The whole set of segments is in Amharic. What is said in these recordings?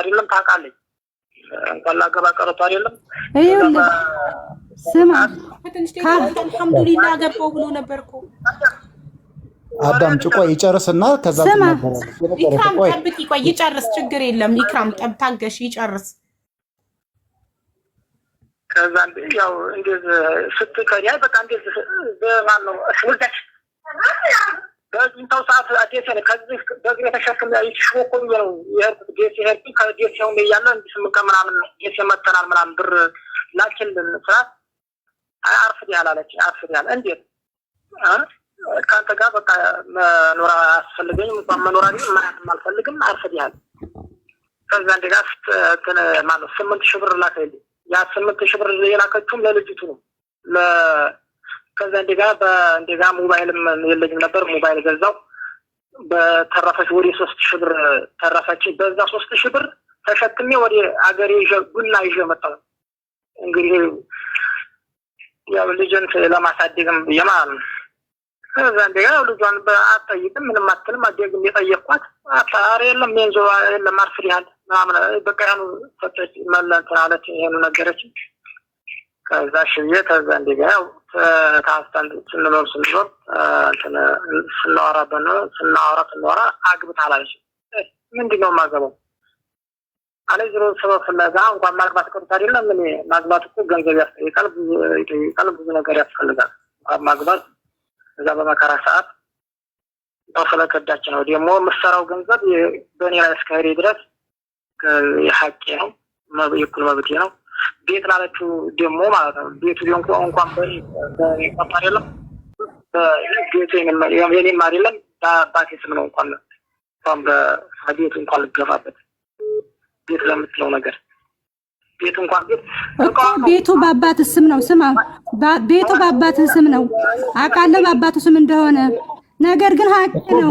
አይደለም ታውቃለች። እንኳን ላገባ ቀረቶ አይደለም ስማ፣ አልሐምዱሊላ ገባው ብሎ ነበር እኮ አዳም ጭቆ ይጨርስና ከዛ ጠብቅ፣ ይቆይ ይጨርስ፣ ችግር የለም ኢክራም ጠብታገሽ ይጨርስ። ከዛ ያው እንዴት ስትከሪያ በቃ እንዴት በማን ነው በጁንታው ሰዓት አዴሴ ነ ከዚህ በእግር የተሸክም ሽቦ እኮ ብዬ ነው ዴሴ ሄድ ከዴሴ ሁ እያለ እንዲ ስምቀ ምናምን ዴሴ መተናል ምናምን ብር ላኪልን ስራት አርፍድ ያል አለች። አርፍድ ያል እንዴት ከአንተ ጋር በቃ መኖር አስፈልገኝ እንኳን መኖር ግ ማያትም አልፈልግም። አርፍድ ያል ከዚ አንዴ ጋር ስትን ማለት ስምንት ሺህ ብር ላከልኝ። ያ ስምንት ሺህ ብር የላከችውም ለልጅቱ ነው ከዛ እንደጋ እንደጋ ሞባይልም የለኝም ነበር ሞባይል ገዛው። በተረፈች ወደ ሶስት ሺህ ብር ተረፈች። በዛ ሶስት ሺህ ብር ተሸክሜ ወደ አገሬ ቡና ይዤ መጣ። እንግዲህ ያው ልጅን ለማሳደግም ብዬ ከዛ እንደጋ ልጇን አትጠይቅም ምንም አትልም። አደግም የጠየቅኳት አታር የለም ሜንዞ የለም አርፍሪሃል ምናምን በቃ ያኑ ሰጠች መለንትን አለች። ይሄኑ ነገረች። ከዛ ሽዬ ከዛ እንደገና ታስታን ስንኖር ስንኖር ስናወራ በኖ ስናወራ ስናወራ አግብት አላለች። ምንድን ነው የማገባው አለ ዝሮ ሰበብ ፍለጋ እንኳን ማግባት ቅርት አይደለም። ምን ማግባት እኮ ገንዘብ ያስጠይቃል፣ ይጠይቃል፣ ብዙ ነገር ያስፈልጋል። እንኳን ማግባት እዛ በመከራ ሰዓት ስለከዳች ነው ደግሞ የምሰራው ገንዘብ በእኔ ላይ እስከሄደ ድረስ የሀቄ ነው የእኩል መብቴ ነው ቤት ላለችው ደግሞ ማለት ነው ቤቱ እንኳን በ አይደለም የኔም አይደለም በአባቴ ስም ነው። እንኳን እንኳን በቤቱ እንኳን ልገባበት ቤት ለምትለው ነገር ቤቱ እንኳን ቤቱ በአባት ስም ነው። ስማ ቤቱ በአባት ስም ነው አውቃለሁ፣ በአባቱ ስም እንደሆነ ነገር ግን ሀቅ ነው።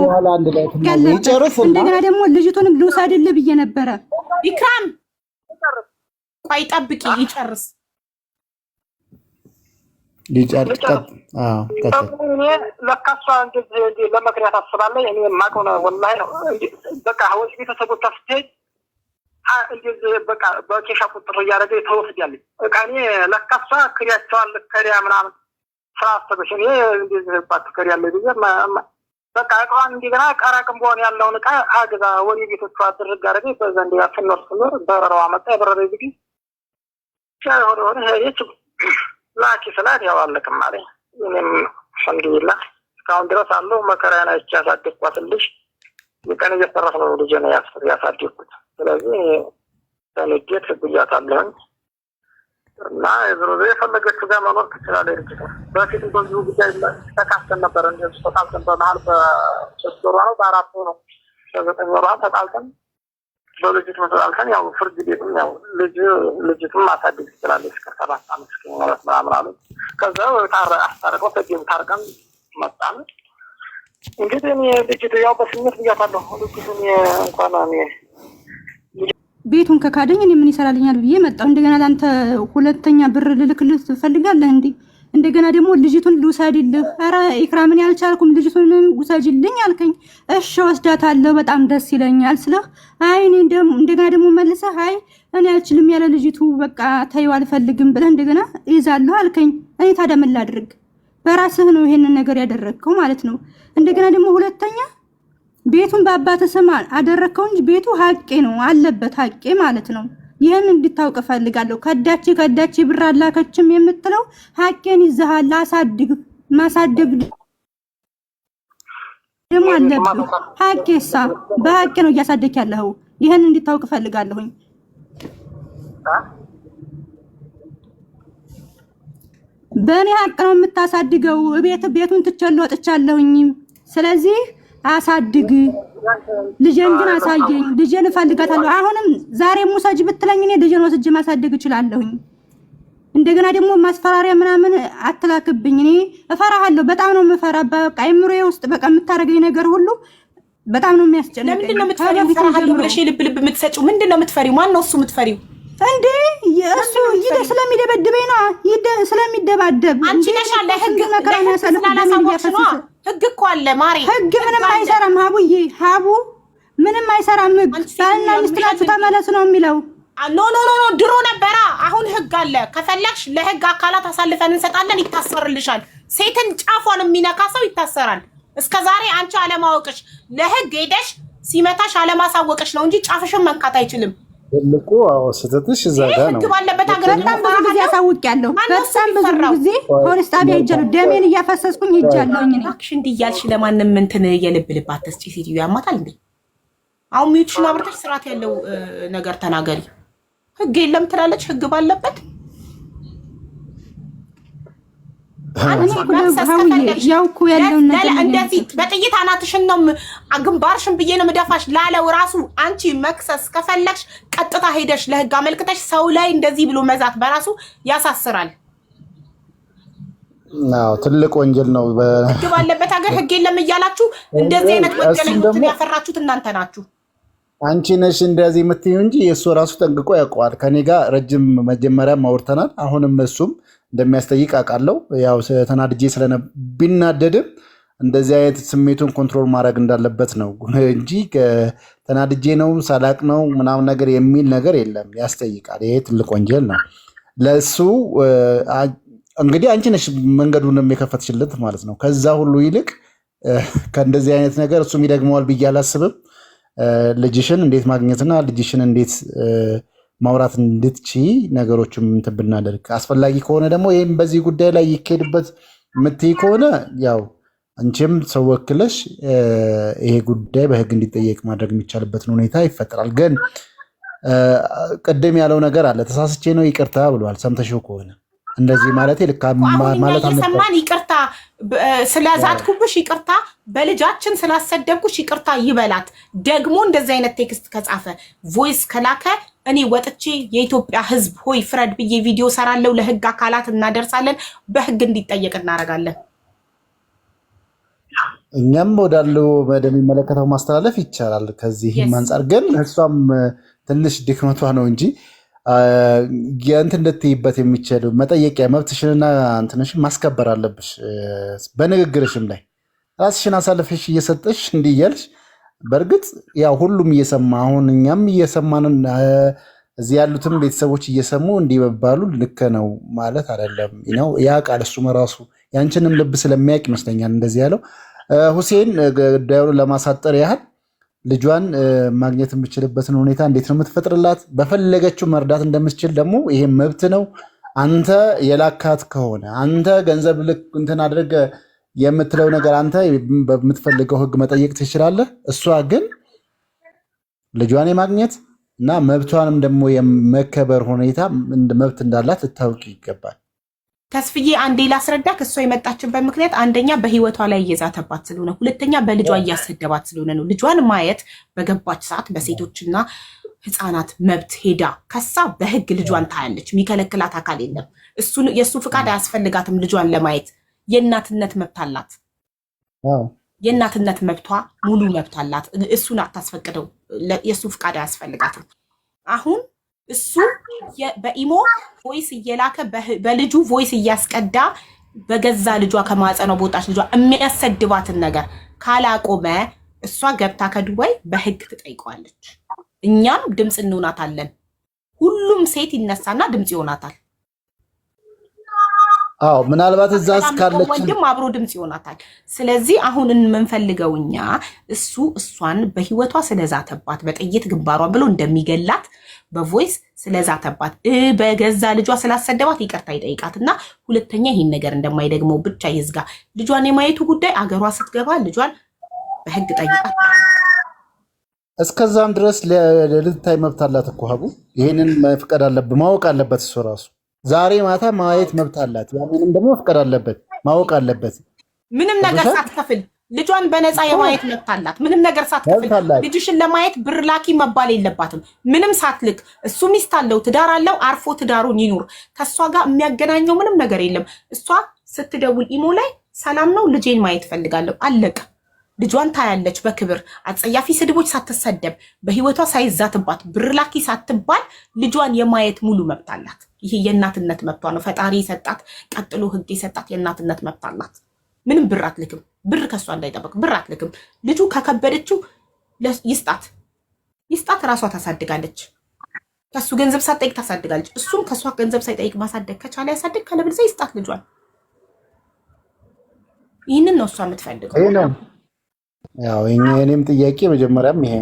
እንደገና ደግሞ ልጅቱንም ልውሰድልህ ብዬ ነበረ ይክራም ቆይ ጠብቂ፣ ይጨርስ ሊጨርስ ለካ በኬሻ ቁጥር እያደረገ ተወስዳለች። በቃ እኔ ለካ እሷ ክሪያቸዋል ከሪያ ምናምን ስራ አሰበች። እኔ ባት ብዬ በቃ እቃዋን እንዲገና ቀራቅም በሆን ያለውን እቃ አግዛ ወደ ቤቶቿ አድርግ አደረገ። በዛ እንዲ ስንወርስ በረረው የበረረ ጊዜ የሆነ ሆነ ሄደች። ላኪ ስላት ያው አለቅም አለኝ። እኔም አልሐምዱሊላህ እስካሁን ድረስ አለው መከራዬን አይቼ ያሳደግኳትልሽ የቀን እየሰራሁ ነው ልጄ ነው ያሳደግኩት። ስለዚህ ተንጌት ህጉያት እና የዞሮ የፈለገችው ጋር መኖር ትችላለች። ልጅ በፊት በዚሁ ጉዳይ ተካፍተን ነበር እንደዚህ በመሀል በሶስት ወሯ ነው በአራት ነው በዘጠኝ ወሯ ተጣልተን በልጅት መሰላል ያው ፍርድ ቤትም ያው ልጅ ልጅትም ማሳደግ ትችላለች እስከ ሰባት አመት እስከሚኖረት ምናምን አሉ። ከዛ አስታርቀው ተጌም ታርቀን መጣን። እንግዲህ እኔ ልጅት ያው በስሜት ብያታለሁ። ልጅት እንኳን እኔ ቤቱን ከካደኝ እኔ ምን ይሰራልኛል ብዬ መጣሁ። እንደገና ለአንተ ሁለተኛ ብር ልልክልህ ትፈልጋለህ እንዲህ እንደገና ደግሞ ልጅቱን ልውሰድልህ። ኧረ ኢክራምን ያልቻልኩም ልጅቱን ውሰጅልኝ አልከኝ። እሺ ወስዳታለሁ፣ በጣም ደስ ይለኛል ስለ አይ እንደገና ደግሞ መልሰህ አይ እኔ አልችልም ያለ ልጅቱ በቃ ተይው አልፈልግም ብለህ እንደገና ይዛለሁ አልከኝ። እኔ ታዲያ ምን ላድርግ? በራስህ ነው ይሄንን ነገር ያደረግከው ማለት ነው። እንደገና ደግሞ ሁለተኛ ቤቱን በአባተ ስም አደረግከው እንጂ ቤቱ ሀቄ ነው አለበት ሀቄ ማለት ነው። ይህን እንድታውቅ ፈልጋለሁ። ከዳች ከዳች ብር አላከችም የምትለው ሀቄን ይዘሃል። አሳድግ ማሳደግ ደግሞ አለብህ። ሀቄሳ በሀቄ ነው እያሳደግ ያለኸው። ይህን እንድታውቅ ፈልጋለሁኝ። በእኔ ሀቅ ነው የምታሳድገው። ቤት ቤቱን ትቼ ወጥቻለሁኝ። ስለዚህ አሳድግ ልጄን ግን አሳየኝ። ልጄን እፈልጋታለሁ። አሁንም ዛሬ ሙሰጅ ብትለኝ እኔ ልጄን ወስጄ ማሳደግ እችላለሁኝ። እንደገና ደግሞ ማስፈራሪያ ምናምን አትላክብኝ። እኔ እፈራሃለሁ። በጣም ነው የምፈራ። በቃ አይምሮዬ ውስጥ በቃ የምታደርገኝ ነገር ሁሉ በጣም ነው የሚያስጨንቀኝ። ለምንድን ነው የምትፈሪው? እፈራሃለሁ ብለሽ የልብ ልብ የምትሰጪው ምንድን ነው የምትፈሪው? ማን ነው እሱ የምትፈሪው? እንዴ እሱ ይደ ስለሚደበድበኝ ነው ስለሚደባደብ አንቺ ነሽ ነሻ ለህግ ስላላሳወቅሽ ነው ህግ እኮ አለ ማሪ። ህግ ምንም አይሰራም ሀቡዬ፣ ሀቡ ምንም አይሰራም ህግ። ባልና ሚስት ናችሁ ተመለሱ ነው የሚለው። ኖ ኖ ኖ ድሮ ነበራ። አሁን ህግ አለ። ከፈለግሽ ለህግ አካላት አሳልፈን እንሰጣለን። ይታሰርልሻል። ሴትን ጫፏን የሚነካ ሰው ይታሰራል። እስከ ዛሬ አንቺ አለማወቅሽ ለህግ ሄደሽ ሲመታሽ አለማሳወቅሽ ነው እንጂ ጫፍሽን መንካት አይችልም። ትልቁ ስህተትሽ እዛ ጋ ነው። ባለበት ሀገር በጣም ብዙ ጊዜ አሳውቂያለሁ። በጣም ብዙ ጊዜ ፖሊስ ጣቢያ ሄጃለሁ። ደሜን እያፈሰስኩኝ ሄጃለሁኝ። እባክሽ እንዲህ እያልሽ ለማንም እንትን የልብ ልብ አትስጪ። ሴትዮ ያማታል እንዴ! አሁን ሚዩትሽን አብርተሽ ስርዓት ያለው ነገር ተናገሪ። ህግ የለም ትላለች። ህግ ባለበት እንደዚህ በጥይት አናትሽን ነው ግንባርሽን ብዬ ነው የምደፋሽ ላለው ራሱ አንቺ መክሰስ ከፈለግሽ ቀጥታ ሄደሽ ለህግ አመልክተሽ ሰው ላይ እንደዚህ ብሎ መዛት በራሱ ያሳስራል። ትልቅ ወንጀል ነው። ህግ ባለበት ሀገር ህግ የለም እያላችሁ እንደዚህ አይነት ወንጀል ያፈራችሁት እናንተ ናችሁ። አንቺ ነሽ እንደዚህ የምትይው እንጂ የእሱ ራሱ ጠንቅቆ ያውቀዋል። ከኔ ጋር ረጅም መጀመሪያም አውርተናል። አሁንም እሱም እንደሚያስጠይቅ አውቃለሁ። ያው ተናድጄ ስለነ ቢናደድም እንደዚህ አይነት ስሜቱን ኮንትሮል ማድረግ እንዳለበት ነው እንጂ ተናድጄ ነው ሳላቅ ነው ምናምን ነገር የሚል ነገር የለም። ያስጠይቃል። ይሄ ትልቅ ወንጀል ነው ለእሱ። እንግዲህ አንቺ ነሽ መንገዱን የከፈትሽለት ማለት ነው። ከዛ ሁሉ ይልቅ ከእንደዚህ አይነት ነገር እሱም ይደግመዋል ብዬ አላስብም። ልጅሽን እንዴት ማግኘትና ልጅሽን እንዴት ማውራት እንድትች ነገሮች እንትን ብናደርግ አስፈላጊ ከሆነ ደግሞ ይህም በዚህ ጉዳይ ላይ ይካሄድበት የምትይ ከሆነ ያው አንቺም ሰው ወክለሽ ይሄ ጉዳይ በህግ እንዲጠየቅ ማድረግ የሚቻልበትን ሁኔታ ይፈጠራል። ግን ቅድም ያለው ነገር አለ። ተሳስቼ ነው ይቅርታ ብሏል። ሰምተሽው ከሆነ እንደዚህ ማለት ልካ ማለት ይቅርታ ስለዛትኩብሽ ይቅርታ፣ በልጃችን ስላሰደብኩሽ ይቅርታ ይበላት። ደግሞ እንደዚህ አይነት ቴክስት ከጻፈ ቮይስ ከላከ እኔ ወጥቼ የኢትዮጵያ ሕዝብ ሆይ ፍረድ ብዬ ቪዲዮ ሰራለው፣ ለህግ አካላት እናደርሳለን፣ በህግ እንዲጠየቅ እናደርጋለን። እኛም ወዳለው ወደሚመለከተው ማስተላለፍ ይቻላል። ከዚህም አንጻር ግን እሷም ትንሽ ድክመቷ ነው እንጂ እንትን እንድትይበት የሚችል መጠየቂያ መብትሽንና እንትንሽን ማስከበር አለብሽ። በንግግርሽም ላይ ራስሽን አሳልፈሽ እየሰጠሽ እንዲያልሽ በእርግጥ ያው ሁሉም እየሰማ አሁን እኛም እየሰማንን እዚህ ያሉትም ቤተሰቦች እየሰሙ እንዲህ መባሉ ልክ ነው ማለት አይደለም። ነው ያ ቃል እሱም ራሱ ያንችንም ልብ ስለሚያውቅ ይመስለኛል እንደዚህ ያለው። ሁሴን ጉዳዩን ለማሳጠር ያህል ልጇን ማግኘት የምችልበትን ሁኔታ እንዴት ነው የምትፈጥርላት? በፈለገችው መርዳት እንደምትችል ደግሞ ይሄ መብት ነው። አንተ የላካት ከሆነ አንተ ገንዘብ ልክ እንትን አድርገህ የምትለው ነገር አንተ በምትፈልገው ህግ መጠየቅ ትችላለህ። እሷ ግን ልጇን የማግኘት እና መብቷንም ደግሞ የመከበር ሁኔታ መብት እንዳላት ልታውቅ ይገባል። ተስፍዬ አንዴ ላስረዳክ። እሷ የመጣችበት ምክንያት አንደኛ በህይወቷ ላይ እየዛተባት ስለሆነ፣ ሁለተኛ በልጇ እያሰደባት ስለሆነ ነው። ልጇን ማየት በገባች ሰዓት በሴቶችና ህፃናት መብት ሄዳ ከሳ በህግ ልጇን ታያለች። የሚከለክላት አካል የለም። የእሱ ፍቃድ አያስፈልጋትም ልጇን ለማየት የእናትነት መብት አላት። የእናትነት መብቷ ሙሉ መብት አላት። እሱን አታስፈቅደው። የእሱ ፍቃድ አያስፈልጋትም። አሁን እሱ በኢሞ ቮይስ እየላከ በልጁ ቮይስ እያስቀዳ በገዛ ልጇ ከማህፀኗ በወጣች ልጇ የሚያሰድባትን ነገር ካላቆመ እሷ ገብታ ከዱባይ በህግ ትጠይቀዋለች። እኛም ድምፅ እንሆናታለን። ሁሉም ሴት ይነሳና ድምፅ ይሆናታል። አዎ ምናልባት እዛ እስካለች ወንድም አብሮ ድምፅ ይሆናታል። ስለዚህ አሁን የምንፈልገው እኛ እሱ እሷን በህይወቷ ስለዛተባት በጥይት ግንባሯ ብሎ እንደሚገላት በቮይስ ስለዛተባት በገዛ ልጇ ስላሰደባት ይቅርታ ይጠይቃትና ሁለተኛ ይህን ነገር እንደማይደግመው ብቻ ይዝጋ። ልጇን የማየቱ ጉዳይ አገሯ ስትገባ ልጇን በህግ ጠይቃት። እስከዛም ድረስ ልታይ መብት አላት እኮ ሀቡ። ይህንን መፍቀድ አለብ ማወቅ አለበት እሱ ራሱ ዛሬ ማታ ማየት መብት አላት። ያንንም ደግሞ መፍቀድ አለበት፣ ማወቅ አለበት። ምንም ነገር ሳትከፍል ልጇን በነፃ የማየት መብት አላት። ምንም ነገር ሳትከፍል ልጅሽን ለማየት ብር ላኪ መባል የለባትም። ምንም ሳትልክ እሱ ሚስት አለው፣ ትዳር አለው። አርፎ ትዳሩን ይኑር። ከእሷ ጋር የሚያገናኘው ምንም ነገር የለም። እሷ ስትደውል ኢሞ ላይ ሰላም ነው ልጄን ማየት ፈልጋለሁ፣ አለቀ። ልጇን ታያለች በክብር አጸያፊ ስድቦች ሳትሰደብ በህይወቷ ሳይዛትባት ብር ላኪ ሳትባል ልጇን የማየት ሙሉ መብት አላት። ይሄ የእናትነት መብቷ ነው። ፈጣሪ የሰጣት ቀጥሎ ህግ የሰጣት የእናትነት መብት አላት። ምንም ብር አትልክም። ብር ከእሷ እንዳይጠበቅ ብር አትልክም። ልጁ ከከበደችው ይስጣት ይስጣት። እራሷ ታሳድጋለች። ከሱ ገንዘብ ሳትጠይቅ ታሳድጋለች። እሱም ከእሷ ገንዘብ ሳይጠይቅ ማሳደግ ከቻለ ያሳድግ፣ ካለበለዚያ ይስጣት ልጇን። ይህንን ነው እሷ የምትፈልገው። እኔም ጥያቄ መጀመሪያም ይሄ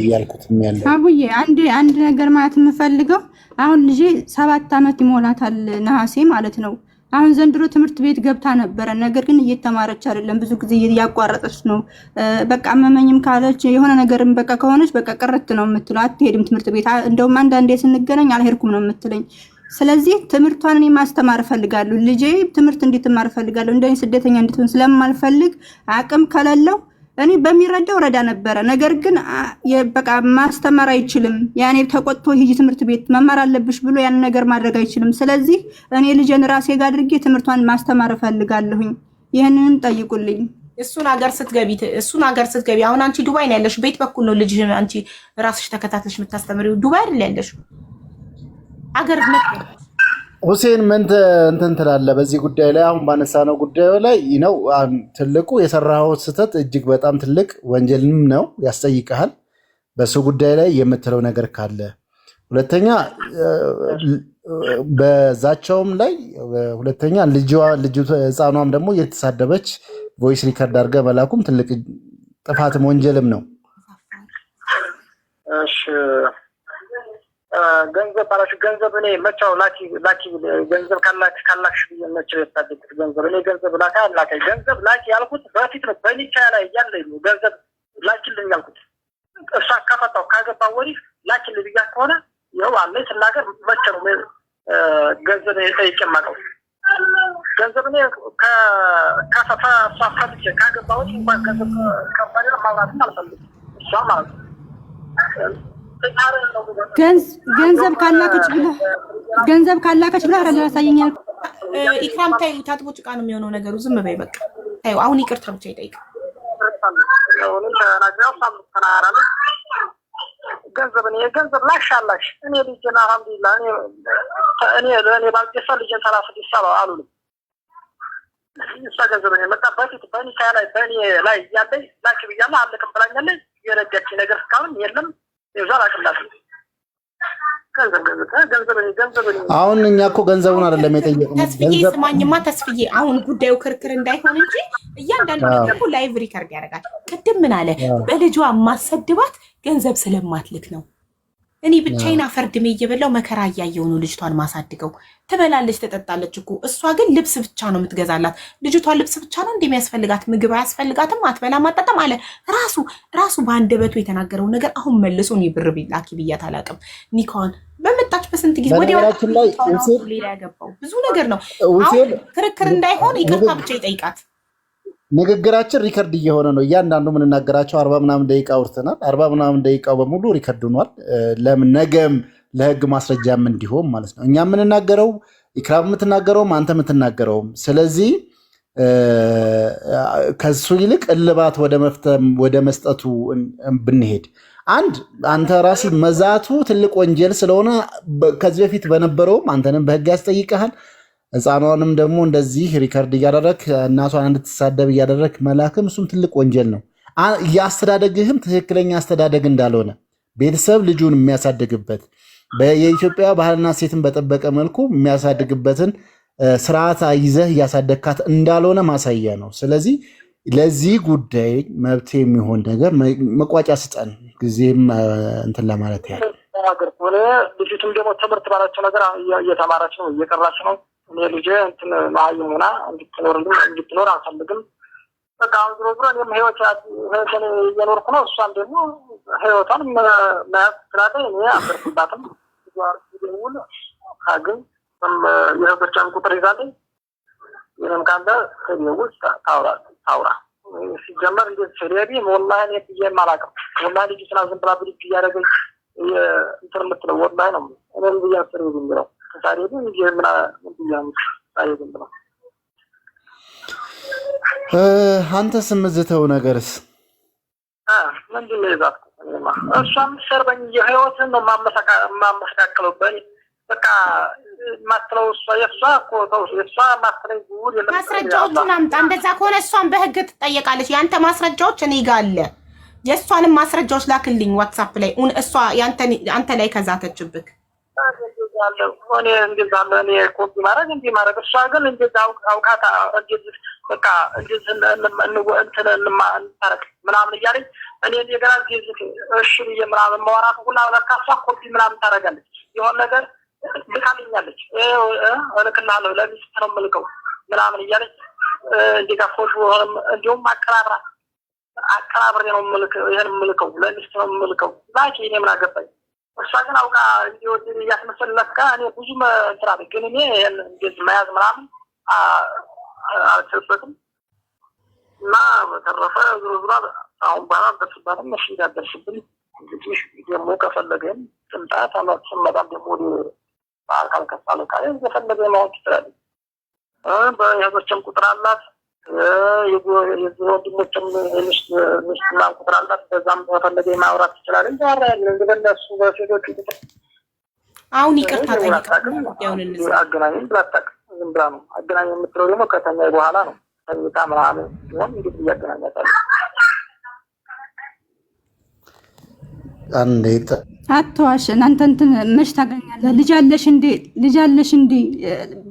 እያልኩትም ያለ አቡዬ አንድ አንድ ነገር ማለት የምፈልገው አሁን ልጄ ሰባት አመት ይሞላታል ነሐሴ ማለት ነው። አሁን ዘንድሮ ትምህርት ቤት ገብታ ነበረ። ነገር ግን እየተማረች አይደለም፣ ብዙ ጊዜ እያቋረጠች ነው። በቃ አመመኝም ካለች የሆነ ነገርም በቃ ከሆነች በቃ ቅርት ነው የምትለው፣ አትሄድም ትምህርት ቤት። እንደውም አንዳንዴ ስንገናኝ አልሄድኩም ነው የምትለኝ። ስለዚህ ትምህርቷን እኔ ማስተማር እፈልጋለሁ። ልጄ ትምህርት እንዲትማር እፈልጋለሁ። እንደኔ ስደተኛ እንድትሆን ስለማልፈልግ አቅም ከሌለው እኔ በሚረዳው ረዳ ነበረ። ነገር ግን በቃ ማስተማር አይችልም። ያኔ ተቆጥቶ ሂጂ ትምህርት ቤት መማር አለብሽ ብሎ ያን ነገር ማድረግ አይችልም። ስለዚህ እኔ ልጄን ራሴ ጋር አድርጌ ትምህርቷን ማስተማር እፈልጋለሁኝ። ይህንንም ጠይቁልኝ። እሱን ሀገር ስትገቢ እሱን ሀገር ስትገቢ አሁን አንቺ ዱባይ ነው ያለሽ። ቤት በኩል ነው ልጅ አንቺ ራስሽ ተከታትለሽ የምታስተምሪው ዱባይ አይደል ያለሽ? አገር ሁሴን ምን እንትን ትላለህ በዚህ ጉዳይ ላይ? አሁን ባነሳነው ጉዳዩ ላይ ነው ትልቁ የሰራኸው ስህተት እጅግ በጣም ትልቅ ወንጀልም ነው ያስጠይቀሃል። በሱ ጉዳይ ላይ የምትለው ነገር ካለ፣ ሁለተኛ በዛቸውም ላይ ሁለተኛ ህፃኗም ደግሞ እየተሳደበች ቮይስ ሪከርድ አድርገህ መላኩም ትልቅ ጥፋትም ወንጀልም ነው። ገንዘብ ባላችሁ ገንዘብ እኔ መቻው ላኪ ላኪ ገንዘብ ካላክ ካላክ ብዬ መቼ የታደግኩት ገንዘብ እኔ ገንዘብ ላካ ላካ ገንዘብ ላኪ ያልኩት በፊት ነው። በኒቻ ላይ እያለኝ ነው ገንዘብ ላኪልኝ ያልኩት። እሷ ከፈታው ካገባ ወዲህ ላኪልኝ ብያ ከሆነ ይኸው አለ ስናገር መቼ ነው ገንዘብ ጠይቄ ገንዘብ እኔ ከከፈፋ እሷ ፈትቼ ካገባ ወዲህ እንኳን ገንዘብ ከባድ ማውራትም አልፈልግም እሷ ማለት ነው ገንዘብ ካላከች ብላ ገንዘብ ካላከች ብላ ረዳ ያሳየኛል። ኢክራም ታዩ ታጥቦ ጭቃ ነው የሚሆነው ነገሩ። ዝም በይ በቃ ታዩ። አሁን ይቅርታ ብቻ ይጠይቅ። ገንዘብ እኔ ላሽ አላሽ እኔ ልጅን አልሐምዱሊላ እኔ እኔ ባልጤሳ ልጅን ሰላሳ ዲሳ አሉልም እሷ ገንዘብ እኔ መጣ በፊት በኒካ ላይ በእኔ ላይ ያለኝ ላኪ ብያለሁ አልልክም ብላኛለች። የረዳችኝ ነገር እስካሁን የለም አሁን እኛ እኮ ገንዘቡን አይደለም የጠየቅነው። ስማኝማ፣ ተስፍዬ አሁን ጉዳዩ ክርክር እንዳይሆን እንጂ እያንዳንዱ ነገር ላይቭ ሪከርድ ያደርጋል። ቅድም ምን አለ? በልጇ ማሰድባት ገንዘብ ስለማትልክ ነው እኔ ብቻዬን አፈርድሜ እየበላው መከራ እያየሁ ነው ልጅቷን ማሳድገው። ትበላለች፣ ትጠጣለች እኮ እሷ ግን ልብስ ብቻ ነው የምትገዛላት። ልጅቷን ልብስ ብቻ ነው እንደሚያስፈልጋት፣ ምግብ አያስፈልጋትም፣ አትበላም፣ አትጠጣም አለ ራሱ ራሱ በአንደበቱ የተናገረው ነገር። አሁን መልሶ እኔ ብር ላኪ ብያት አላውቅም። ኒካዋን በመጣች በስንት ጊዜ ወዲያው ሌላ ያገባው ብዙ ነገር ነው። አሁን ክርክር እንዳይሆን ይቅርታ ብቻ ይጠይቃት። ንግግራችን ሪከርድ እየሆነ ነው። እያንዳንዱ የምንናገራቸው አርባ ምናምን ደቂቃ አውርተናል። አርባ ምናምን ደቂቃው በሙሉ ሪከርድ ሆኗል። ለምን ነገም ለህግ ማስረጃም እንዲሆን ማለት ነው። እኛ የምንናገረው ኢክራም የምትናገረውም አንተ የምትናገረውም። ስለዚህ ከሱ ይልቅ እልባት ወደ መስጠቱ ብንሄድ አንድ አንተ ራስ መዛቱ ትልቅ ወንጀል ስለሆነ ከዚህ በፊት በነበረውም አንተንም በህግ ያስጠይቀሃል። ህፃኗንም ደግሞ እንደዚህ ሪከርድ እያደረግ እናቷን እንድትሳደብ እያደረግ መላክም እሱም ትልቅ ወንጀል ነው። የአስተዳደግህም ትክክለኛ አስተዳደግ እንዳልሆነ ቤተሰብ ልጁን የሚያሳድግበት የኢትዮጵያ ባህልና ሴትን በጠበቀ መልኩ የሚያሳድግበትን ስርዓት ይዘህ እያሳደግካት እንዳልሆነ ማሳያ ነው። ስለዚህ ለዚህ ጉዳይ መብት የሚሆን ነገር መቋጫ ስጠን። ጊዜም እንትን ለማለት ያህል ልጅቱም ደግሞ ትምህርት ባላቸው ነገር እየተማራች ነው፣ እየቀራች ነው እኔ ልጄ እንትን መሀይም ሆና እንድትኖር እንድትኖር አልፈልግም። በቃ አሁን ዞሮ ዞሮ እኔም ህይወት እየኖርኩ ነው። እሷን ደግሞ ህይወቷን መያዝ ስላለ እኔ አልደርስባትም። ደውል ካገኝ የህብርቻን ቁጥር ይዛለኝ ይህንም ካለ ከደውል ታውራ ታውራ ሲጀመር እንዴት ሬቢ ወላሂ እኔ ብዬ የማላውቅም ወላሂ ልጅ ስላ ዝም ብላ ብድግ እያደረገች እንትን የምትለው ወላሂ ነው እኔም ብዬ ስሬቢ የሚለው ዛሬ ግን ምን ምናምን ነው። አንተስ የምዝተው ነገርስ ምንድን ነው? ይዛት እሷ ሰርበኝ የህይወትን ነው የማመሰቃቅልብኝ። በቃ ማትለው እሷ የእሷ የእሷ ማትለኝ ጉድ የለም። ማስረጃዎቹን አምጣ። እንደዛ ከሆነ እሷን በህግ ትጠየቃለች። የአንተ ማስረጃዎች እኔ ጋ አለ። የእሷንም ማስረጃዎች ላክልኝ ዋትሳፕ ላይ እሷ አንተ ላይ ከዛተችብክ አለው እኔ እኔ ኮፒ ማድረግ እንዲህ ማድረግ እሷ ግን አውቃት በቃ እንትን ምናምን እያለኝ እኔ እንደገና እሺ ብዬ ምናምን ሁላ ለካ እሷ ኮፒ ምናምን ታደርጋለች የሆን ነገር ለሚስት ነው የምልከው ምናምን እያለች ፎሽ እንዲሁም አቀራብሬ ነው ምልክ ይህን ምልከው ለሚስት ነው ምልከው እኔ ምን አገባኝ እሷ ግን አውቃ እንዲወድ እያስመሰልላትካ እኔ ብዙ ስራ ግን እኔ እንዴት መያዝ ምናምን አልችልበትም እና በተረፈ ዞሮ ዞሮ አሁን በኋላ ደርስባትም እሺ እንዳደርስብን እንግዲህ ደግሞ ከፈለገም ጥምጣት አሏችን መጣም ደግሞ በአካል ከሳለ ካለ እንደፈለገ ማወቅ ይችላል። በእህቶችም ቁጥር አላት የወንድሞችም ሚስት ማን ቁጥር አላት። በዛም በፈለገ ማውራት ይችላል። እንደሱ በሴቶች አሁን ይቅርታ አገናኝም ብላ አታውቅም። ዝም ብላ ነው አገናኝ የምትለው ደግሞ ከተኛ በኋላ ነው ተኝታ ምናምን ሲሆን እንግዲህ እያገናኛታለሁ አትዋሽ። እናንተ እንትን መች ታገኛለህ? ልጅ አለሽ እንዴ? ልጅ አለሽ እንዴ?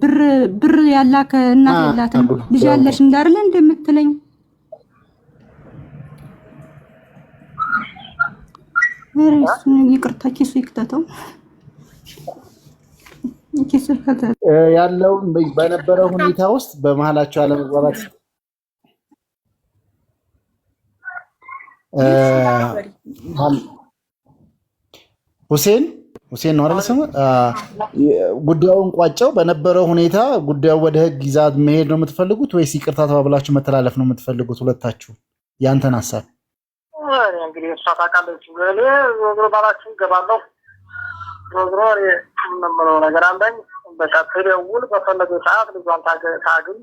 ብር ብር ያላከ እናት የላትም። ልጅ አለሽ እንዳርለ እንደምትለኝ እሱን ይቅርታ፣ ኪሱ ይክተተው። ኪሱ ይክተተው ያለው በነበረው ሁኔታ ውስጥ በመሀላቸው አለመግባባት መግባባት ሁሴን ሁሴን ነው አይደል ስሙ። ጉዳዩን ቋጨው። በነበረው ሁኔታ ጉዳዩ ወደ ህግ ይዛ መሄድ ነው የምትፈልጉት ወይስ ይቅርታ ተባብላችሁ መተላለፍ ነው የምትፈልጉት? ሁለታችሁ ያንተን ሀሳብ እንግዲህ እሷ ታውቃለች። ዞሮ ባላችሁ እገባለሁ። ዞሮ የምንምለው ነገር አንደኝ በቃ ትደውል፣ በፈለገ ሰዓት ልጇን ታግኝ።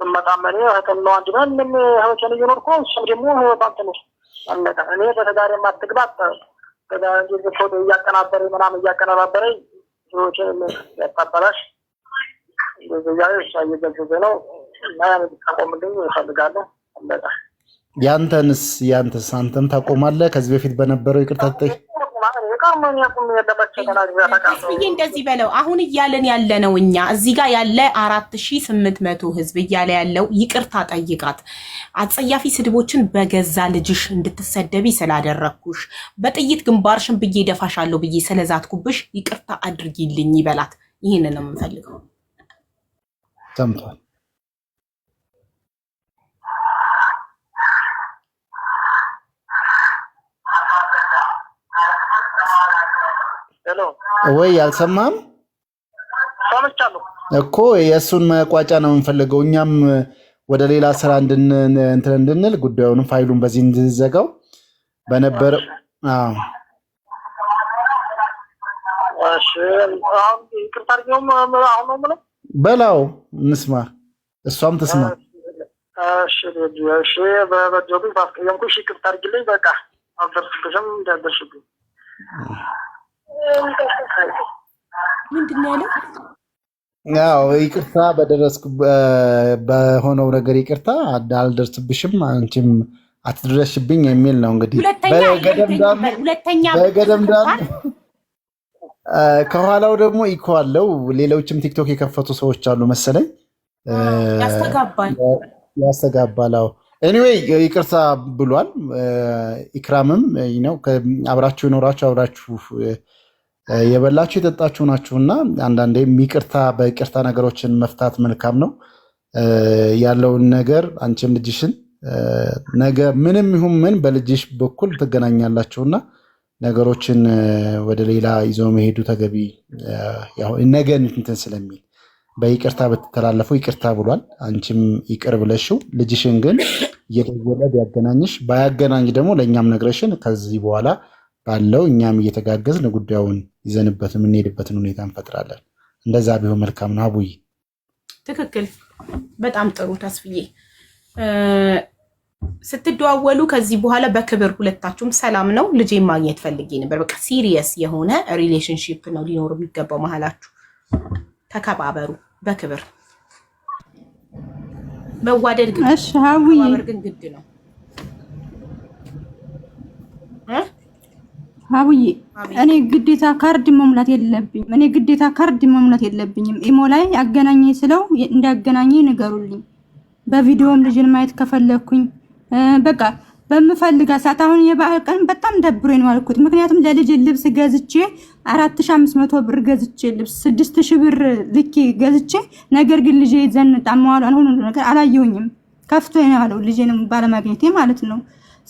ስመጣመኔ እኔ እህትን ነው አንድ ነን እህቶችን እየኖርኩ እሱም ደግሞ ባንት ነው። እኔ በተጋር ማትግባት ከዛ ፎቶ እያቀናበረ ምናምን እያቀነባበረ ጆሮችን ያታበላሽ ያ እየገዘዘ ነው እና ያን ቆምልኝ ይፈልጋለሁ በጣም ያንተንስ ያንተስ አንተን ታቆማለህ? ከዚህ በፊት በነበረው ይቅርታ እንደዚህ በለው። አሁን እያለን ያለ ነው እኛ እዚህ ጋር ያለ አራት ሺ ስምንት መቶ ህዝብ እያለ ያለው ይቅርታ ጠይቃት። አጸያፊ ስድቦችን በገዛ ልጅሽ እንድትሰደቢ ስላደረግኩሽ በጥይት ግንባርሽን ብዬ ደፋሻለሁ ብዬ ስለዛትኩብሽ ይቅርታ አድርጊልኝ ይበላት። ይህንን ነው የምንፈልገው። ሰምቷል። ወይ አልሰማም? ሰምቻለሁ እኮ የእሱን መቋጫ ነው የምንፈልገው። እኛም ወደ ሌላ ስራ እንትን እንድንል ጉዳዩንም ፋይሉን በዚህ እንድንዘጋው በነበረ በላው እንስማ፣ እሷም ትስማ። በበደሉ ባስቀየምኩሽ ይቅርታ አድርጊልኝ። በቃ አልደርስብሽም እንዳልደርስብኝ ምንድን ነው ያለው? ያው ይቅርታ በደረስኩ በሆነው ነገር ይቅርታ አልደርስብሽም፣ አንቺም አትደረሽብኝ የሚል ነው። እንግዲህ በገደም ከኋላው ደግሞ ኢኮ አለው። ሌሎችም ቲክቶክ የከፈቱ ሰዎች አሉ መሰለኝ። ያስተጋባል ኤኒዌይ ይቅርታ ብሏል። ኢክራምም ነው አብራችሁ ይኖራችሁ አብራችሁ የበላችሁ የጠጣችሁ ናችሁና አንዳንዴ ይቅርታ በይቅርታ ነገሮችን መፍታት መልካም ነው። ያለውን ነገር አንቺም ልጅሽን ነገ ምንም ይሁን ምን በልጅሽ በኩል ትገናኛላችሁና ነገሮችን ወደ ሌላ ይዞ መሄዱ ተገቢ ነገ እንትን ስለሚል በይቅርታ ብትተላለፉ ይቅርታ ብሏል። አንቺም ይቅር ብለሽው ልጅሽን ግን እየደወለ ቢያገናኝሽ ባያገናኝ ደግሞ ለእኛም ነግረሽን ከዚህ በኋላ ባለው እኛም እየተጋገዝን ጉዳዩን ይዘንበት የምንሄድበትን ሁኔታ እንፈጥራለን። እንደዛ ቢሆን መልካም ነው። አቡይ ትክክል። በጣም ጥሩ ተስፍዬ። ስትደዋወሉ ከዚህ በኋላ በክብር ሁለታችሁም ሰላም ነው። ልጄ ማግኘት ፈልጌ ነበር። በቃ ሲሪየስ የሆነ ሪሌሽንሽፕ ነው ሊኖር የሚገባው መሀላችሁ። ተከባበሩ በክብር መዋደድ ግን ግድ ነው። አቡዬ እኔ ግዴታ ካርድ መሙላት የለብኝም። እኔ ግዴታ ካርድ መሙላት የለብኝም። ኢሞ ላይ አገናኘ ስለው እንዳገናኘ ንገሩልኝ። በቪዲዮም ልጅን ማየት ከፈለግኩኝ በቃ በምፈልጋ ሰዓት አሁን የበዓል ቀን በጣም ደብሮ ነው አልኩት። ምክንያቱም ለልጅ ልብስ ገዝቼ አራት ሺ አምስት መቶ ብር ገዝቼ ልብስ ስድስት ሺ ብር ልኬ ገዝቼ ነገር ግን ልጄ ዘንጣ መዋሏን ሁሉ ነገር አላየውኝም። ከፍቶ ነው ያለው ልጄንም ባለማግኘቴ ማለት ነው።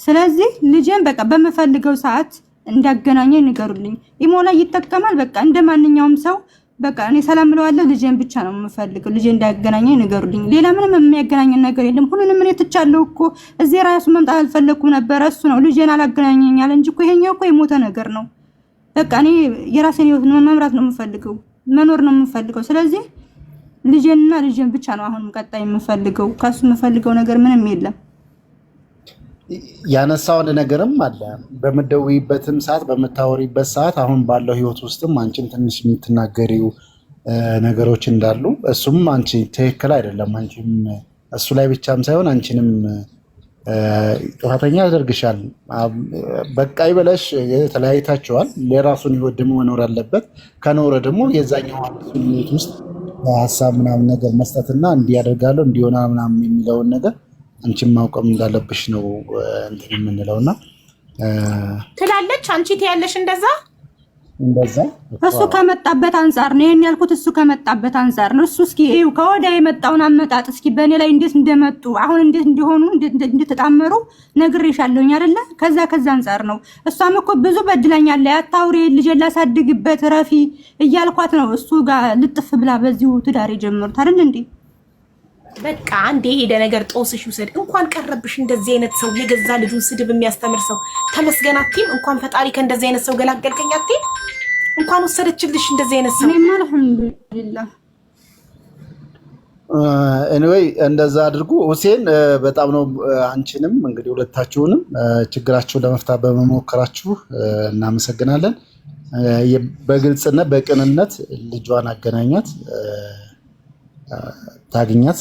ስለዚህ ልጄን በቃ በምፈልገው ሰዓት እንዳገናኘኝ ንገሩልኝ። ኢሞ ላይ ይጠቀማል። በቃ እንደ ማንኛውም ሰው በቃ እኔ ሰላም ብለዋለሁ። ልጄን ብቻ ነው የምፈልገው። ልጄ እንዳገናኘ ንገሩልኝ። ሌላ ምንም የሚያገናኘን ነገር የለም። ሁሉንም እኔ ትቻለሁ እኮ እዚህ ራሱ መምጣት አልፈለኩም ነበረ። እሱ ነው ልጄን አላገናኘኛል እንጂ እኮ ይሄኛው እኮ የሞተ ነገር ነው። በቃ እኔ የራሴን ህይወት መምራት ነው የምፈልገው፣ መኖር ነው የምፈልገው። ስለዚህ ልጄንና ልጄን ብቻ ነው አሁንም ቀጣይ የምፈልገው። ከሱ የምፈልገው ነገር ምንም የለም። ያነሳውን ነገርም አለ። በምትደውይበትም ሰዓት በምታወሪበት ሰዓት አሁን ባለው ህይወት ውስጥም አንቺን ትንሽ የምትናገሪው ነገሮች እንዳሉ እሱም አንቺ ትክክል አይደለም። አንቺም እሱ ላይ ብቻም ሳይሆን አንቺንም ጥፋተኛ ያደርግሻል። በቃ ይበለሽ። ተለያይታችኋል። የራሱን ህይወት ደግሞ መኖር አለበት። ከኖረ ደግሞ የዛኛው ህይወት ውስጥ ሀሳብ ምናምን ነገር መስጠትና እንዲያደርጋለሁ እንዲሆና ምናምን የሚለውን ነገር አንቺም ማውቀም እንዳለብሽ ነው እንትን የምንለው እና ትላለች። አንቺ ትያለሽ እንደዛ እንደዛ እሱ ከመጣበት አንጻር ነው ይህን ያልኩት። እሱ ከመጣበት አንጻር ነው። እሱ እስኪ ይኸው ከወዳ የመጣውን አመጣጥ እስኪ በእኔ ላይ እንዴት እንደመጡ አሁን እንዴት እንደሆኑ እንደተጣመሩ ነግሬሻለሁኝ አይደለ? ከዛ ከዛ አንጻር ነው። እሷም እኮ ብዙ በድላኛለ። ያታውሪ ልጅ ላሳድግበት ረፊ እያልኳት ነው። እሱ ጋር ልጥፍ ብላ በዚሁ ትዳር የጀመሩት አይደል እንዴ? በቃ አንድ የሄደ ነገር ጦስሽ ውሰድ እንኳን ቀረብሽ እንደዚህ አይነት ሰው የገዛ ልጁን ስድብ የሚያስተምር ሰው ተመስገን አትይም። እንኳን ፈጣሪ ከእንደዚህ አይነት ሰው ገላገልከኝ አትይም። እንኳን ወሰደችልሽ እንደዚህ አይነት ሰው። እኔማ አልሐምዱሊላህ። ኤኒዌይ እንደዛ አድርጉ። ሁሴን በጣም ነው አንቺንም እንግዲህ ሁለታችሁንም ችግራችሁን ለመፍታት በመሞከራችሁ እናመሰግናለን። በግልጽነት በቅንነት ልጇን አገናኛት ታግኛት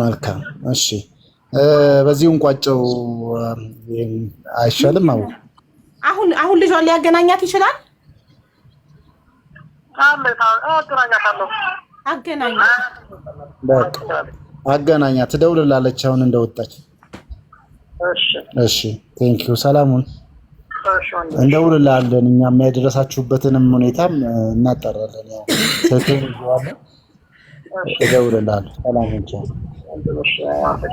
መልካም እሺ፣ በዚሁ እንቋጨው አይሻልም? አሁን አሁን አሁን ልጇን ሊያገናኛት ይችላል። አገናኛት ትደውልላለች። አሁን እንደወጣች እሺ፣ ቴንኪው ሰላሙን እንደውልላለን። እኛም ያደረሳችሁበትንም ሁኔታም እናጠራለን። ያው ስልክ ይዘዋለን እደውልልሃለሁ።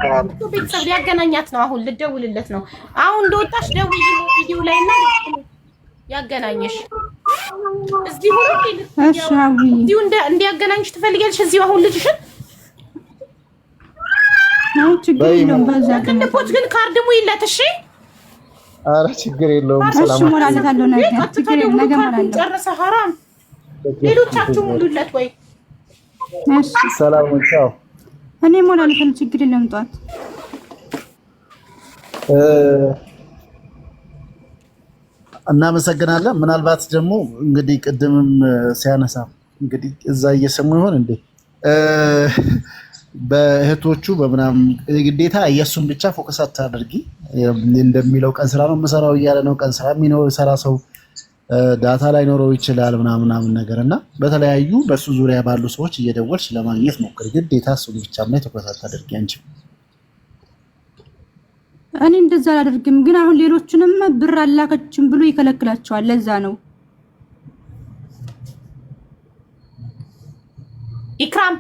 ሰላም ቤተሰብ ሊያገናኛት ነው። አሁን ልደውልለት ነው። አሁን እንደወጣሽ ደውዪ። ቪዲዮ ላይ እና ያገናኘሽ እዚሁ እንዲያገናኝሽ ትፈልጊያለሽ? እዚሁ አሁን ልጅሽን ክንቦች ግን ካርድ ሙይለት። እሺ፣ ኧረ ችግር የለውም። ሞላለታለሁ ነገ ሀራም ሌሎቻችሁ ሙሉለት ወይ ሰላም ነው። እኔ ሞላ ለፈን ችግር የለም። ጧት እናመሰግናለን። ምናልባት ደግሞ እንግዲህ ቅድምም ሲያነሳ እንግዲህ እዛ እየሰሙ ይሆን እንዴ በእህቶቹ በምናም ግዴታ እየሱን ብቻ ፎከስ አታደርጊ እንደሚለው ቀን ስራ ነው የምሰራው እያለ ነው። ቀን ስራ የሚኖር ሰራ ሰው ዳታ ላይኖረው ይችላል ምናምናምን ነገር እና በተለያዩ በእሱ ዙሪያ ባሉ ሰዎች እየደወልሽ ለማግኘት ሞክር። ግዴታ እሱ ብቻ ላይ ትኩረት አታደርጊ አንቺ። እኔ እንደዛ አላደርግም፣ ግን አሁን ሌሎችንም ብር አላከችም ብሎ ይከለክላቸዋል። ለዛ ነው ኢክራም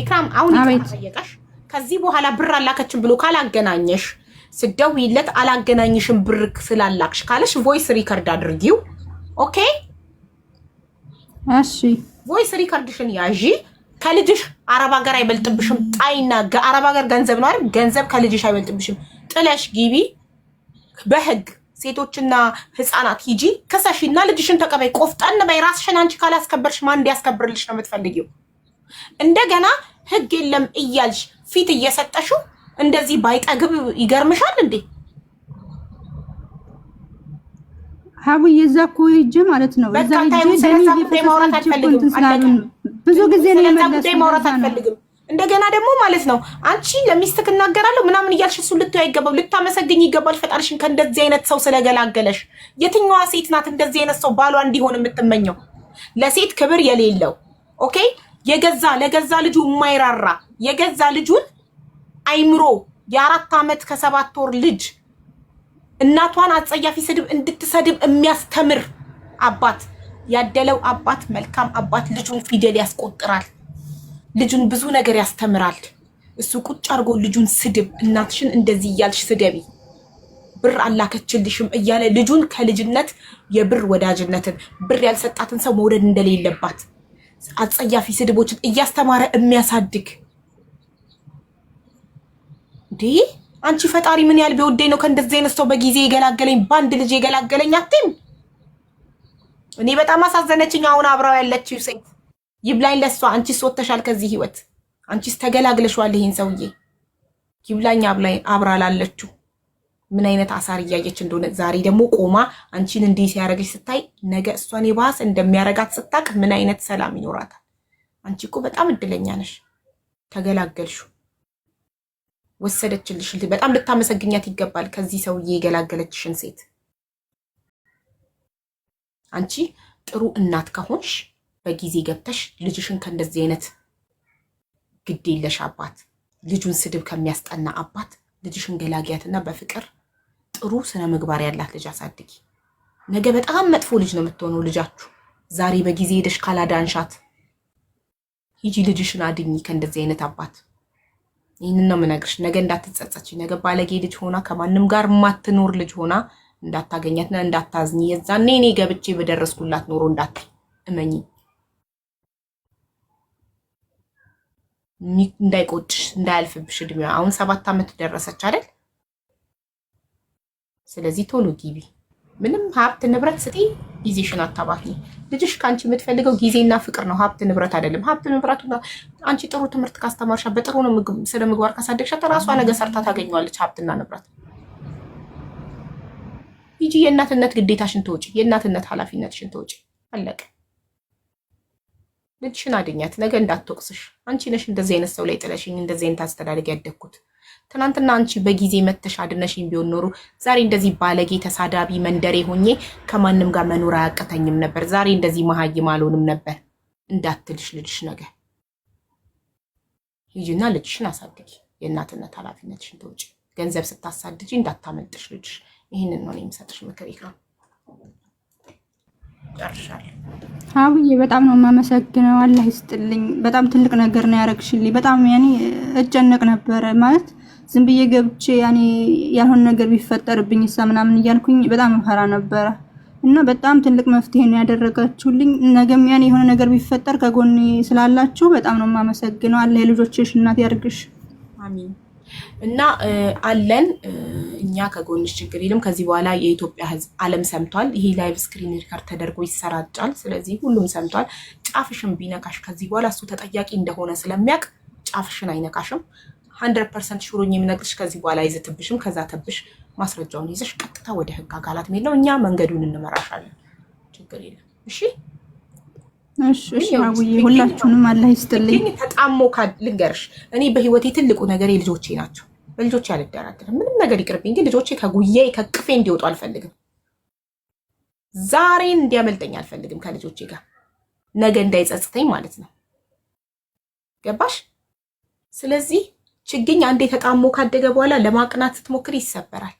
ኢክራም አሁን ጠየቀሽ። ከዚህ በኋላ ብር አላከችም ብሎ ካላገናኘሽ ስደውይለት አላገናኝሽም ብር ስላላክሽ ካለሽ ቮይስ ሪከርድ አድርጊው። ኦኬ እሺ። ቮይስ ሪከርድሽን ያዢ። ከልጅሽ አረብ ሀገር አይበልጥብሽም። ጣይና አረብ ሀገር ገንዘብ ነው አይደል? ገንዘብ ከልጅሽ አይበልጥብሽም። ጥለሽ ጊቢ በህግ ሴቶችና ህፃናት ሂጂ ክሰሺና ልጅሽን ተቀበይ። ቆፍጠን በይ። ራስሽን አንቺ ካላስከበርሽ ማን እንዲያስከብርልሽ ነው የምትፈልጊው? እንደገና ህግ የለም እያልሽ ፊት እየሰጠሽው እንደዚህ ባይጠግብ ይገርምሻል እንዴ? ሀቡ እዛ እኮ ሂጅ ማለት ነው። እዛ ብዙ ጊዜ ነው የመለስኩት ማውራት አልፈልግም። እንደገና ደግሞ ማለት ነው አንቺ ለሚስትክ እናገራለሁ ምናምን እያልሽ እሱ ልትይው አይገባም። ልታመሰግኝ ይገባል ፈጣሪሽን ከእንደዚህ አይነት ሰው ስለገላገለሽ። የትኛዋ ሴት ናት እንደዚህ አይነት ሰው ባሏ እንዲሆን የምትመኘው? ለሴት ክብር የሌለው ኦኬ፣ የገዛ ለገዛ ልጁ የማይራራ የገዛ ልጁን አይምሮ የአራት ዓመት ከሰባት ወር ልጅ እናቷን አጸያፊ ስድብ እንድትሰድብ የሚያስተምር አባት ያደለው አባት መልካም አባት ልጁን ፊደል ያስቆጥራል። ልጁን ብዙ ነገር ያስተምራል። እሱ ቁጭ አድርጎ ልጁን ስድብ፣ እናትሽን እንደዚህ እያልሽ ስደቢ፣ ብር አላከችልሽም እያለ ልጁን ከልጅነት የብር ወዳጅነትን ብር ያልሰጣትን ሰው መውደድ እንደሌለባት አጸያፊ ስድቦችን እያስተማረ የሚያሳድግ እንዲህ አንቺ ፈጣሪ ምን ያህል ቢወደኝ ነው ከእንደዚህ አይነት ሰው በጊዜ የገላገለኝ በአንድ ልጅ የገላገለኝ አትይም። እኔ በጣም አሳዘነችኝ። አሁን አብራው ያለችው ሴት ይብላኝ ለሷ። አንቺስ ወተሻል ከዚህ ህይወት፣ አንቺስ ተገላግለሽዋል ይሄን ሰውዬ። ይብላኝ አብራ ላለችው ምን አይነት አሳር እያየች እንደሆነ ዛሬ ደግሞ ቆማ አንቺን እንዲህ ሲያደርግሽ ስታይ ነገ እሷን የባሰ እንደሚያረጋት ስታቅ ምን አይነት ሰላም ይኖራታል? አንቺ እኮ በጣም እድለኛ ነሽ፣ ተገላገልሽው። ወሰደችልሽ። በጣም ልታመሰግኛት ይገባል። ከዚህ ሰውዬ የገላገለችሽን ሴት አንቺ ጥሩ እናት ከሆንሽ በጊዜ ገብተሽ ልጅሽን ከእንደዚህ አይነት ግድ የለሽ አባት፣ ልጁን ስድብ ከሚያስጠና አባት ልጅሽን ገላጊያትና በፍቅር ጥሩ ስነ ምግባር ያላት ልጅ አሳድጊ። ነገ በጣም መጥፎ ልጅ ነው የምትሆነው ልጃችሁ። ዛሬ በጊዜ ሄደሽ ካላዳንሻት፣ ሂጂ ልጅሽን አድኚ ከእንደዚህ አይነት አባት ይህንን ነው የምነግርሽ። ነገ እንዳትጸጸች፣ ነገ ባለጌ ልጅ ሆና ከማንም ጋር ማትኖር ልጅ ሆና እንዳታገኛትና እንዳታዝኝ፣ የዛኔ እኔ ገብቼ በደረስኩላት ኖሮ እንዳት እመኝ እንዳይቆጭሽ እንዳያልፍብሽ እድሜዋ። አሁን ሰባት ዓመት ደረሰች አይደል? ስለዚህ ቶሎ ጊቢ። ምንም ሀብት ንብረት ስጤ ጊዜሽን አታባክኝ። ልጅሽ ከአንቺ የምትፈልገው ጊዜና ፍቅር ነው፣ ሀብት ንብረት አይደለም። ሀብት ንብረቱ አንቺ ጥሩ ትምህርት ካስተማርሻ በጥሩ ስለ ምግባር ካሳደግሻት ራሷ ነገ ሰርታ ታገኘዋለች ሀብትና ንብረት። ሂጂ የእናትነት ግዴታሽን ተወጪ፣ የእናትነት ኃላፊነትሽን ተወጪ። አለቀ። ልጅሽን አድኛት፣ ነገ እንዳትወቅስሽ። አንቺ ነሽ እንደዚህ አይነት ሰው ላይ ጥለሽኝ እንደዚህ አይነት አስተዳደግ ያደግኩት ትናንትና አንቺ በጊዜ መተሻ አድነሽኝ ቢሆን ኖሮ ዛሬ እንደዚህ ባለጌ ተሳዳቢ መንደሬ ሆኜ ከማንም ጋር መኖር አያቅተኝም ነበር። ዛሬ እንደዚህ መሀይም አልሆንም ነበር እንዳትልሽ ልጅሽ ነገ ልጅና ልጅሽን አሳድጊ። የእናትነት ኃላፊነትሽን ተውጪ። ገንዘብ ስታሳድጂ እንዳታመልጥሽ ልጅሽ። ይህንን ነው የሚሰጥሽ ምክር። ይክራም ጨርሻለሁ። አብዬ በጣም ነው የማመሰግነው። አላህ ይስጥልኝ። በጣም ትልቅ ነገር ነው ያደረግሽልኝ። በጣም ያኔ እጨነቅ ነበረ ማለት ዝም ብዬ ገብቼ ያኔ ያልሆነ ነገር ቢፈጠርብኝ ሳ ምናምን እያልኩኝ በጣም እፈራ ነበረ እና በጣም ትልቅ መፍትሄ ነው ያደረጋችሁልኝ። ነገም ያኔ የሆነ ነገር ቢፈጠር ከጎን ስላላችሁ በጣም ነው የማመሰግነው። አለ የልጆችሽ እናት ያድርግሽ። አሚን እና አለን እኛ ከጎንሽ፣ ችግር የለም። ከዚህ በኋላ የኢትዮጵያ ሕዝብ አለም ሰምቷል። ይሄ ላይቭ ስክሪን ሪከርድ ተደርጎ ይሰራጫል። ስለዚህ ሁሉም ሰምቷል። ጫፍሽን ቢነካሽ ከዚህ በኋላ እሱ ተጠያቂ እንደሆነ ስለሚያውቅ ጫፍሽን አይነካሽም። ሀንድረድ ፐርሰንት ሹሩኝ የሚነግርሽ ከዚህ በኋላ አይዘትብሽም። ከዛ ተብሽ ማስረጃውን ይዘሽ ቀጥታ ወደ ህግ አካላት ሚል እኛ መንገዱን እንመራሻለን። ችግር የለም። እሺ ሁላችሁንም አላህ ይስጥልኝ። ተጣሞ ልንገርሽ፣ እኔ በህይወቴ ትልቁ ነገር ልጆቼ ናቸው። በልጆቼ አልደራደርም። ምንም ነገር ይቅርብኝ፣ ግን ልጆቼ ከጉያዬ ከቅፌ እንዲወጡ አልፈልግም። ዛሬን እንዲያመልጠኝ አልፈልግም። ከልጆቼ ጋር ነገ እንዳይጸጽተኝ ማለት ነው። ገባሽ? ስለዚህ ችግኝ አንዴ ተቃሞ ካደገ በኋላ ለማቅናት ስትሞክር ይሰበራል።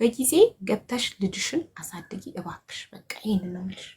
በጊዜ ገብተሽ ልጅሽን አሳድጊ እባክሽ። በቃ ይህን ነው የምልሽ።